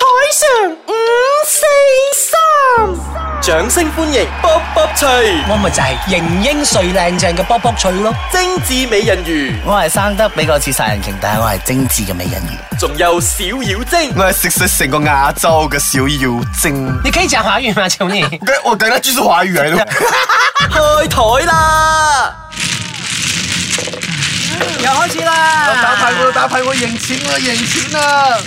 台上五四三，掌聲歡迎卜卜脆，我咪就係英英帥靚正嘅卜卜脆咯，精緻美人魚，我係生得比較似殺人鯨，但係我係精緻嘅美人魚，仲有小妖精，我係食食成個亞洲嘅小妖精。你可以講華語嘛，嗎？求 我我嗰兩句係華語嚟嘅。 開台啦了， 又開始啦，打牌我打牌我贏錢我贏錢啦。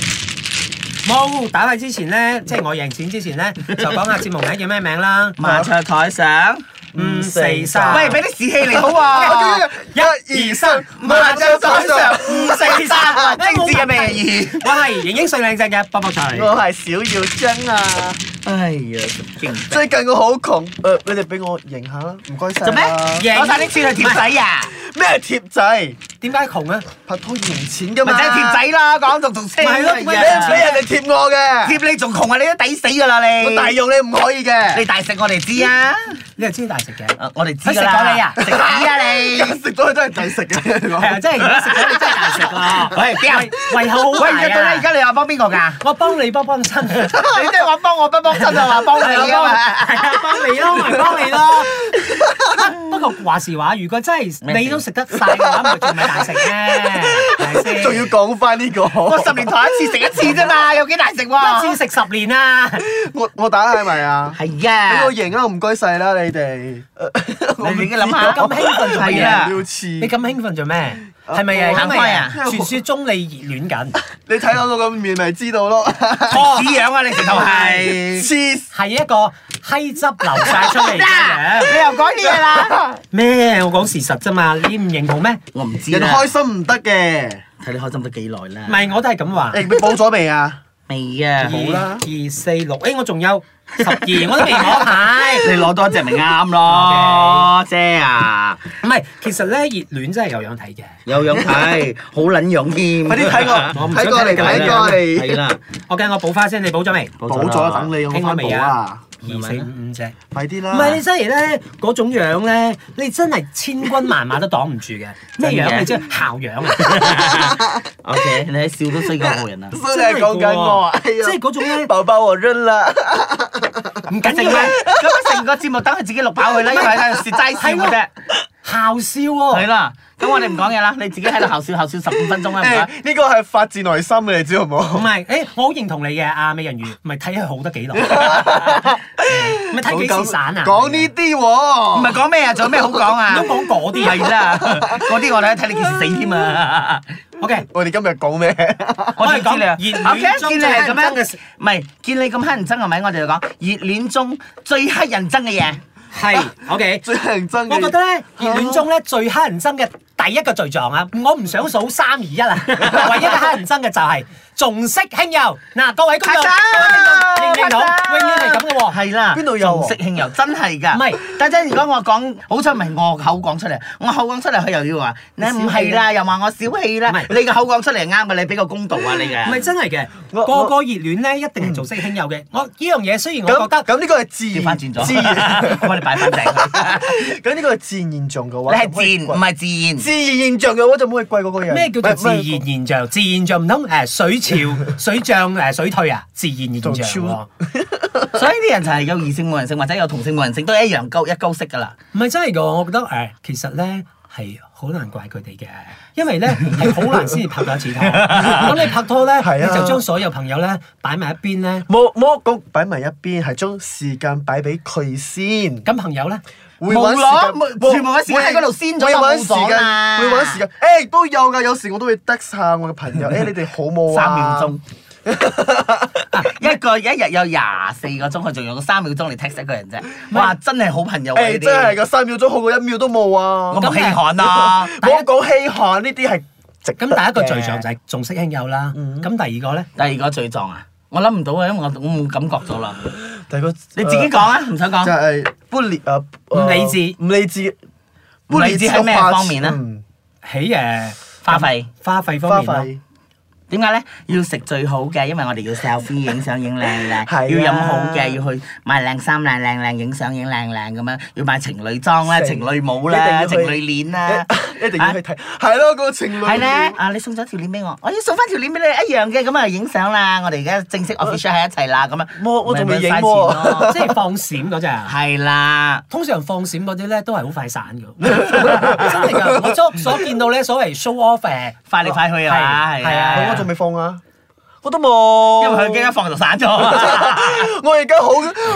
冇打牌之前咧，即係我贏錢之前咧，就講下節目名叫咩名啦。麻雀台上五四三，喂，俾啲士氣嚟好啊！一二三，麻雀台上五四三，你知嘅咩？二，我係盈盈最靚仔嘅，卜卜齊。我係小耀張啊，哎呀，最近我好窮，誒，你哋俾我贏下啦，唔該晒。做咩？贏晒啲錢係貼仔啊？咩貼仔？點解窮啊？拍拖要用錢噶嘛，咪使貼仔啦，講仲同車一樣。唔係俾人哋貼我嘅，貼你仲窮啊！你都抵死噶啦你。我大用你唔可以嘅，你大食我哋知啊？你係知大食嘅？我哋知噶啦。食咗你啊？食屎啊你！食咗佢都係抵食嘅。係啊，真係而家食咗佢真係大食咯。喂，遺憾好遺憾啊！而家你話幫邊個噶？我幫你幫幫親，你即係我幫我幫幫親啊嘛？幫你啊嘛？係啊，幫你咯，唔係幫你咯。話時話，如果真係你都食得晒，嘅話咪仲咪大食咩？係仲要講翻呢個？我十年才一次食一次啫嘛，有幾大食喎，啊？一次食十年啊！我我打係咪啊？係嘅，你，俾我贏啊，唔該晒啦，你哋。我唔該諗下，咁興奮做咩啊？你咁興奮做咩？係咪眼花？啊？傳説中你熱戀緊，你睇我到個面咪知道咯？屎樣啊！你條頭係，係一個閪汁流晒出嚟嘅，你又講啲嘢啦？咩？我講事實啫嘛，你唔認同咩？我唔知你人開心唔得嘅，睇你開心得幾耐啦？唔係我都係咁話。你報咗未啊？未啊，二四六，誒，我仲有。十二我都未攞，牌，你攞多一隻咪啱咯，姐啊！唔係，其實咧熱戀真係有樣睇嘅，有樣睇，好撚樣添。快啲睇過，睇過嚟睇過嚟。我計我補花先，你補咗未？補咗，等你。你未啊？二四五,五隻，快啲啦！唔係你真係咧嗰種樣咧，你真係千軍萬馬都擋唔住嘅，咩 樣你真係姣樣啊 ？O.K. 你係笑都衰過人啊！真係講緊我，啊！即係嗰種。爸爸我認啦，唔緊要咩？咁成個節目等佢自己錄爆佢啦，因為依家係齋笑啫。效笑喎、哦，係啦，咁我哋唔講嘢啦，你自己喺度效笑效笑十五分鐘啦，唔該。呢個係發自內心嘅，你知道好唔好？唔係，誒、欸，我好認同你嘅，阿、啊、美人魚，唔係，睇佢好得幾耐，唔係，睇幾時散啊？講呢啲喎，唔係講咩啊？仲有咩好講啊？都講嗰啲，係啦，嗰啲我睇睇你幾時死添啊？OK，我哋今日講咩？我哋講熱戀中咁真嘅事，唔係見你咁乞人憎係咪？我哋就講熱戀中最乞人憎嘅嘢。 係，O K，我覺得咧熱戀中咧最黑人憎嘅第一個罪狀啊，我唔想數三二一啊， 唯一嘅黑人憎嘅就係、是、重色輕友。嗱、啊，各位觀眾，走永遠係咁嘅喎，係啦，邊度又重色輕友，真係㗎。唔係，家姐，如果我講，好彩唔係我口講出嚟，我口講出嚟佢又要話你小氣啦，又話我小氣啦。唔係，你個口講出嚟啱啊，你比較公道啊，你嘅。唔係真係嘅，個個熱戀咧一定係重色輕友嘅。我呢樣嘢雖然我覺得，咁呢個係自然，自然。我哋擺翻正，咁呢個係自然現象嘅話，你係自然，唔係自然？自然現象嘅話就冇嘢貴過嗰個人。咩叫做自然現象？自然現象唔通誒水潮、水漲、誒水退啊？自然現象。所以啲人就係有異性冇人性，或者有同性冇人性，都係一樣高一高色噶啦。唔係真係噶，我覺得誒，其實咧係好難怪佢哋嘅，因為咧係好難先至拍到一次拖。咁你拍拖咧，你就將所有朋友咧擺埋一邊咧。莫莫谷擺埋一邊，係將時間擺俾佢先。咁朋友咧，會冇時間，全部喺嗰度先咗又冇爽啊！會搵時間，誒，都有噶，有時我都會 text 下我嘅朋友。誒，你哋好冇啊？三秒鐘。一個一日有廿四個鐘，佢仲用三秒鐘嚟踢死一個人啫！哇，真係好朋友。誒，真係個三秒鐘好過一秒都冇啊！我唔稀罕啦。唔好講稀罕呢啲係。咁第一個罪狀就係重色輕友啦。咁第二個咧？第二個罪狀啊，我諗唔到啊，因為我我冇感覺咗啦。第二個你自己講啊，唔想講。就係半年啊。唔理智，唔理智。理智喺咩方面咧？喺誒，花費。花費方面咯。點解咧？要食最好嘅，因為我哋要 selfie 影相影靚靚，要飲好嘅，要去買靚衫靚靚靚影相影靚靚咁樣，要買情侶裝啦、情侶帽啦、情侶鏈啦，一定要去睇，係咯個情侶。係咧啊！你送咗條鏈俾我，我要送翻條鏈俾你一樣嘅，咁啊影相啦！我哋而家正式 official 喺一齊啦，咁啊，冇我仲未影喎，即係放閃嗰隻。係啦，通常放閃嗰啲咧都係好快散嘅。真係㗎，我所所見到咧，所謂 show off 誒，快嚟快去啊！係啊！咪放啊！我都冇，因為佢一放就散咗。我而家好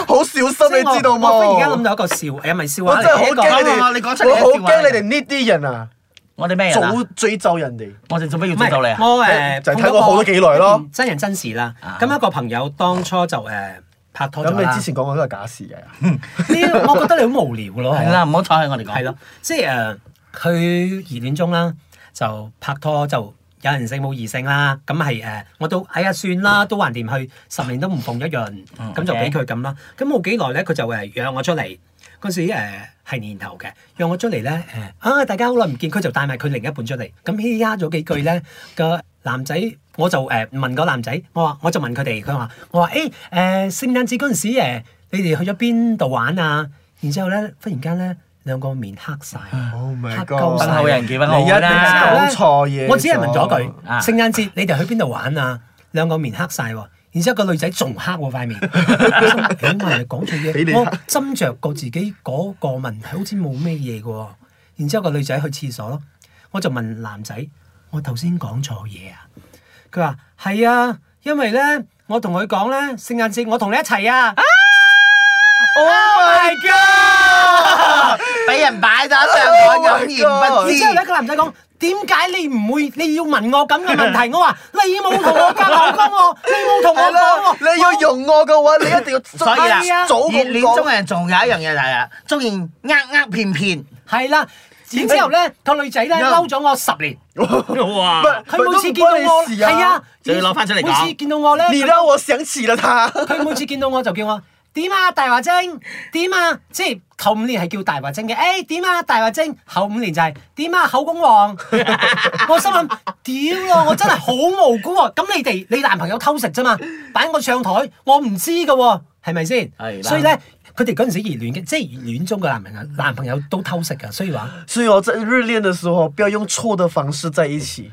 好小心，你知道嗎？我而家諗住一個笑，有咪笑我真係好驚啊！你講出我好驚你哋呢啲人啊！我哋咩人啊？早詛咒人哋，我哋做咩要詛咒你啊？我就睇過好多幾耐咯。真人真事啦，咁一個朋友當初就誒拍拖。咁你之前講過都係假事嘅。呢，我覺得你好無聊咯。係啦，唔好坐喺我哋講。係咯，即係誒，佢熱戀中啦，就拍拖就。有人性冇異性啦，咁係誒，我都哎呀算啦，嗯、都還掂去十年都唔逢一閏，咁、嗯、就俾佢咁啦。咁冇幾耐咧，佢就誒約我出嚟嗰時誒係、呃、年頭嘅，約我出嚟咧誒啊，大家好耐唔見，佢就帶埋佢另一半出嚟，咁嘻嘻咗幾句咧。個男仔我就誒、呃、問個男仔，我話我就問佢哋，佢話我話誒誒聖誕節嗰陣時你哋去咗邊度玩啊？然之後咧，忽然間咧。兩個面黑曬，黑高曬，奔口人結婚好啦，講錯嘢。我只係問咗句聖誕節你哋去邊度玩啊？兩個面黑曬喎，然之後個女仔仲黑喎塊面，講埋講錯嘢。我斟酌過自己嗰個問題好似冇咩嘢嘅喎，然之後個女仔去廁所咯，我就問男仔：我頭先講錯嘢啊？佢話係啊，因為咧我同佢講咧聖誕節我同你一齊啊！Oh my god！俾人擺咗上台，謠言不絕。然之後一個男仔講：點解你唔會？你要問我咁嘅問題？我話你冇同我講過，我你冇同我講喎。你要用我嘅話，你一定要所以啦。早同你講，中國人仲有一樣嘢就係啊，中意呃呃騙騙。係啦，然之後咧個女仔咧嬲咗我十年。哇！佢每次見到我係啊，再攞翻出嚟講。每次見到我咧，你嬲我想死啦！佢每次見到我就叫我點啊，大話精點啊，即係。後五年係叫大話精嘅，誒、欸、點啊大話精後五年就係、是、點啊口公王， 我心諗屌咯，我真係好無辜咁、啊，你哋你男朋友偷食啫嘛，擺我上台我唔知噶、哦，係咪先？係， 所以咧，佢哋嗰陣時熱戀嘅，即係熱戀中嘅男朋友，男朋友都偷食噶，所以話。 所以我在熱戀嘅時候，不要用錯的方式在一起。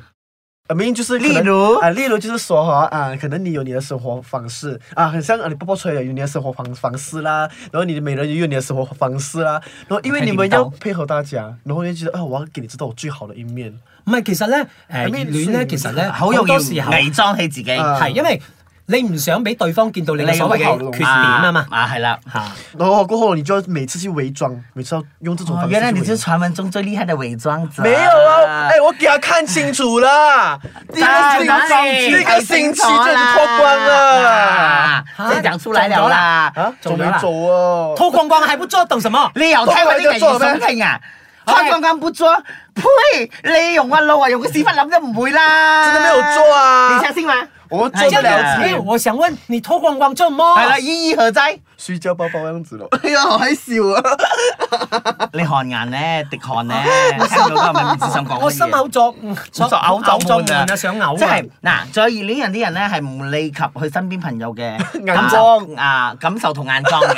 咁明，就是，例如，啊，例如就是說，嗬，啊，可能你有你的生活方式，啊，很像啊你爸爸出嚟有你的生活方方式啦，然後你每人有你的生活方式啦，然後因為你們要配合大家，然後就覺得啊，我要給你知道我最好的一面。唔係，其實咧，男女咧，其實咧，好多時候偽裝起自己，係因為，你唔想俾對方見到你嘅所有嘅缺點啊嘛，啊係啦吓，嗰個過後你就每次去偽裝，每次要用這種方法。原來你真係傳聞中最厲害嘅偽裝者。沒有啊，誒，我俾佢睇清楚啦，一個星期，一個星期就脫光啦，真係講出來了啦，仲冇做啊？脫光光還不做，等什麼？你有睇過呢個視頻啊？脫光光不做，呸！你用個腦啊，用個屎忽諗都唔會啦，真係沒有做啊？你睇先嘛。我做不了事，我想問你拖光光做乜？係啦，意義何在？輸咗包包樣子咯。哎呀，好閪笑啊！你汗顏咧，滴汗咧，我心口唔自信講。我心口作，我作嘔，作悶啊，想嘔啊！真係嗱，再熱戀人啲人咧係唔理及佢身邊朋友嘅眼光啊感受同眼光嘅，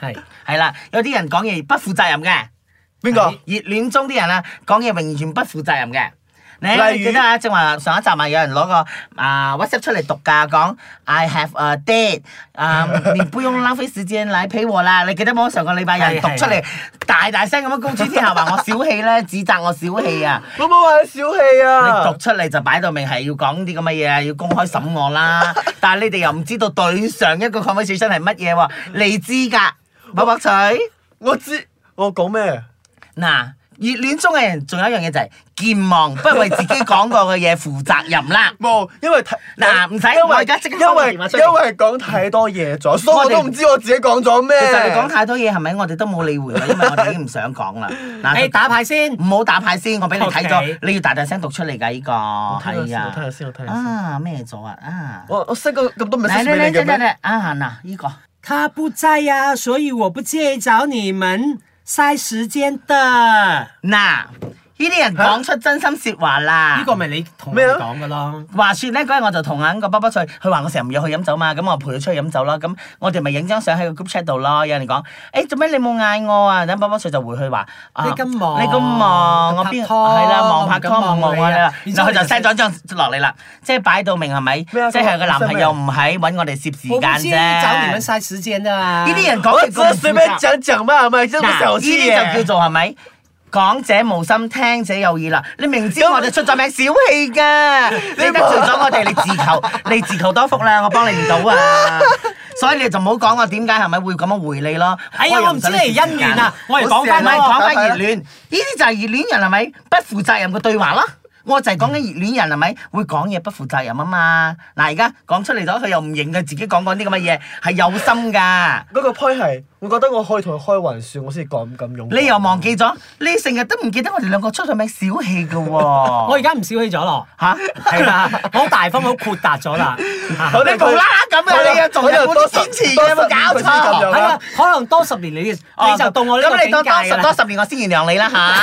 係係啦。有啲人講嘢不負責任嘅，邊個熱戀中啲人啊講嘢完全不負責任嘅。例如咧啊，正話上一集咪有人攞個啊 WhatsApp 出嚟讀噶，講 I have a date 啊，你不用浪費時間嚟陪我啦。你記得冇？上個禮拜有人讀出嚟，大大聲咁樣公佈之後，話我小氣咧，指責我小氣啊！我冇話你小氣啊！你讀出嚟就擺到明係要講啲咁嘅嘢，要公開審我啦。但係你哋又唔知道對上一個 conversation 係乜嘢喎？你知㗎？冇冇錯？我知，我講咩？嗱。熱戀中嘅人仲有一樣嘢就係健忘，不為自己講過嘅嘢負責任啦。冇，因為嗱唔使因為而家因為因為講太多嘢咗，所以我都唔知我自己講咗咩。其實你講太多嘢係咪？我哋都冇理會，因為我哋已經唔想講啦。嗱，你打牌先，唔好打牌先，我俾你睇咗，你要大大聲讀出嚟㗎呢個。我睇下先，我睇下先。啊咩咗啊？我我識咁咁多咪識咗你嘅咩？啊嗱，呢個。他不在呀，所以我不介找你們。塞時間的嗱。Now. 呢啲人講出真心説話啦！呢個咪你同佢講嘅咯。話説咧嗰日我就同啊個波波翠，佢話我成日唔約去飲酒嘛，咁我陪佢出去飲酒啦。咁我哋咪影張相喺個 group chat 度咯。有人講：誒做咩你冇嗌我啊？等波波翠就回佢話：你咁忙，你咁忙，我邊？係啦，望下咁唔望你，然後佢就曬咗張落嚟啦，即係擺到明係咪？即係個男朋友唔喺揾我哋攝時間啫。我唔知點樣嘥時間啫嘛。呢啲人講一只是隨便講嘛，係咪？即係唔小氣啊！呢啲就叫做係咪？講者無心，聽者有意啦！你明知我哋出咗名小氣噶， 你得罪咗我哋，你自求，你自求多福啦！我幫你唔到啊，所以你就唔好講我點解係咪會咁樣回你咯？哎呀呦，我唔知你係恩怨啊，我係講翻，係咪講翻熱戀？呢啲就係熱戀人係咪不，不負責任嘅對話咯？我就係講緊熱戀人係咪會講嘢不負責任啊嘛？嗱而家講出嚟咗，佢又唔認佢自己講過啲咁嘅嘢係有心㗎。嗰個批係，我覺得我可以同佢開玩笑，我先敢敢用。你又忘記咗？你成日都唔記得我哋兩個出咗名小、哦、 氣嘅喎。我而家唔小氣咗咯，嚇？係啦， 好大方，好豁達咗啦。 我啲無啦啦咁嘅，你仲做一般先前提冇搞錯。係啦、啊，可能多十年你你就到我呢個境界啦。咁 你多多十多十年我先原諒你啦嚇。啊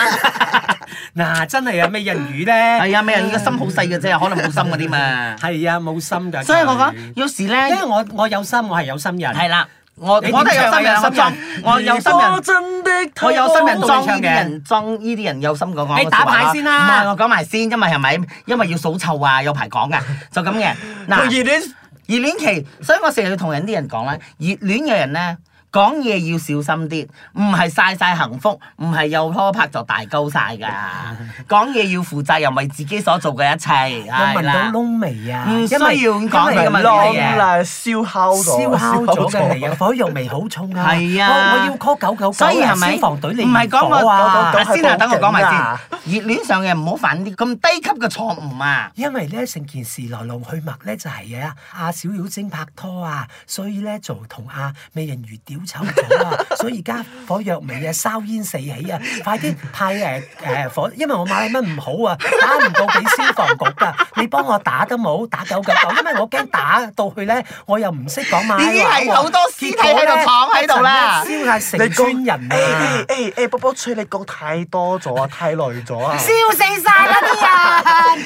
嗱、啊，真係有美人魚咧？係 啊，美人魚個心好細嘅啫，可能冇心嗰啲嘛。係 啊，冇心嘅。所以我講有時咧，因為我我有心，我係有心人。係啦，我我都有、嗯、有心人。我有心人裝人，我有心人裝嘅。我有心人裝嘅。裝依啲人有心講。你打牌先啦。唔係我講埋先，因為係咪？因為要數籌啊，有排講嘅，就咁、是、嘅。嗱，熱 戀熱戀期，所以我成日要同人啲人講啦。熱戀嘅人咧。講嘢要小心啲，唔係嘥曬幸福，唔係又拖拍就大鳩曬㗎。講嘢要負責任，為自己所做嘅一切。我聞到窿味啊！唔需要講窿啦，燒烤燒烤咗嘅嚟，火藥味好重啊！係啊，我要 call 999，所以係咪消防隊嚟幫我先啦，等我講埋先。熱戀上嘅唔好犯啲咁低級嘅錯誤啊！因為咧成件事來龍去脈咧就係啊，阿小妖精拍拖啊，所以咧就同阿美人魚屌。臭咗 啊！所以而家火藥味啊，硝煙四起啊！快啲派誒誒、呃、火，因為我買嘅乜唔好啊，打唔到俾消防局啊！你幫我打得冇打九九九，因為我驚打到去咧，我又唔識講馬。已經係好多屍體喺度躺喺度啦！燒晒成村人啊！誒誒誒，波波吹你講太多咗 啊，太耐咗啊！燒死晒嗰啲人。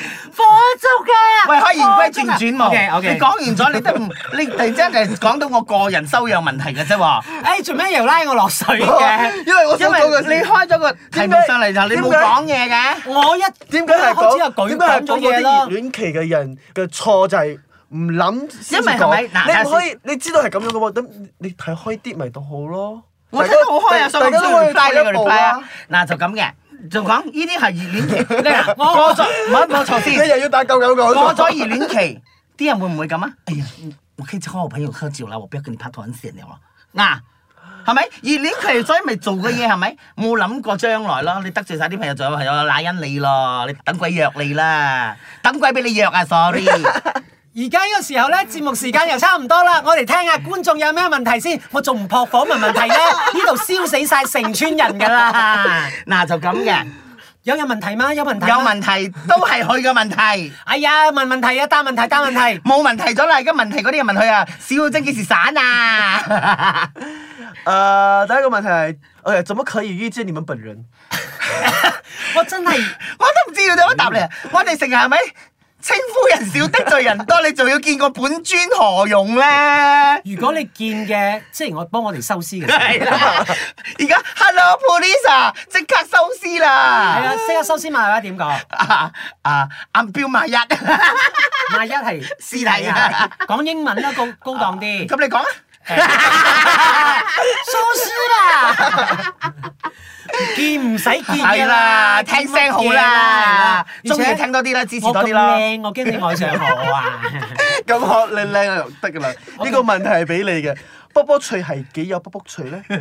做嘅，喂，可以唔可以言歸正傳？你講完咗，你都唔，你突然之間嚟講到我個人修養問題嘅啫喎。誒，做咩又拉我落水嘅？因為我因為你開咗個題目上嚟？你冇講嘢嘅。我一點解開始又舉咗嘢咯？熱戀期嘅人嘅錯就係唔諗。因為咪你唔可以，你知道係咁樣嘅喎。咁你睇開啲咪得好咯？我睇得好開啊，所以我都會帶一步啊。嗱，就咁嘅。仲講呢啲係熱戀期， 我就唔好做啲。你又要打救救佢。過咗熱戀期，啲人會唔會咁啊？哎呀，我企左好朋友拍照啦，我唔俾你拍拖很，很善良喎。嗱，係咪熱戀期？所以咪做嘅嘢係咪冇諗過將來咯？你得罪晒啲朋友，仲有朋友拉恩你咯，你等鬼約你啦，等鬼俾你約啊，Sorry。 而家呢個時候咧，節目時間又差唔多啦，我哋聽下觀眾有咩問題先。我仲唔撲火問問題嘅？呢度燒死晒成村人㗎啦！嗱、 啊、就咁嘅。有有問題嗎？有問題。有問題都係佢嘅問題。 哎呀，問問題啊！答問題，答問題。冇問題咗啦，而家問題嗰啲人問佢啊，小到真幾時散啊？誒、 呃，第一個問題，誒、OK，怎麼可以遇見你們本人？ 我真係我都唔知要哋乜答你、嗯、我哋成日係咪？是稱呼人少，得罪人多，你仲要見個本尊何用咧？ 如果你見嘅，即係我幫我哋收屍嘅。係啦，而家 Hello Police 即刻收屍啦！係啊，即刻收屍嘛？點講？啊啊，銀標買一，買一係屍體。啊！講英文啦，高高檔啲。咁你講啊？收屍啦！見唔使見噶，係啦，的聽，啦聽聲好啦，鍾意、嗯、歡聽多啲啦，支持多啲啦。我咁靚，我驚 你愛上我啊！咁 我靚靚又得噶啦，呢個問題係俾你嘅。Okay. 卜卜脆係幾有卜卜脆咧？個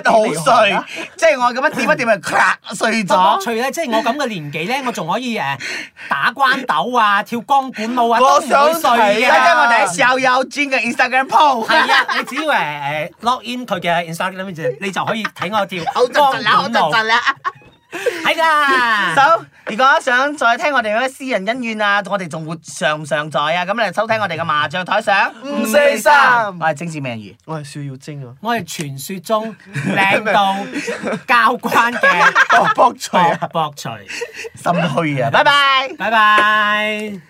的骨好碎，即係我咁樣點一點就咔碎咗。脆咧，即係我咁嘅年紀咧， 我仲可以誒打關鬥啊，跳鋼管舞啊，我想都唔會碎啊！睇睇我哋喺 Shaw 嘅 Instagram 鋪。係 啊，你只要誒、uh, log in 佢嘅 Instagram，就你就可以睇我跳鋼管舞。好多盡啦！好多盡啦！ 係啦，好！So, 如果想再聽我哋啲私人恩怨啊，我哋仲會上唔上載啊？咁嚟收聽我哋嘅麻雀台上 5, 4, 五四三，我係精致美人魚，我係小妖精、啊，我係傳說中靚到教官嘅卜卜脆， 卜脆，心虛啊！拜拜，拜拜。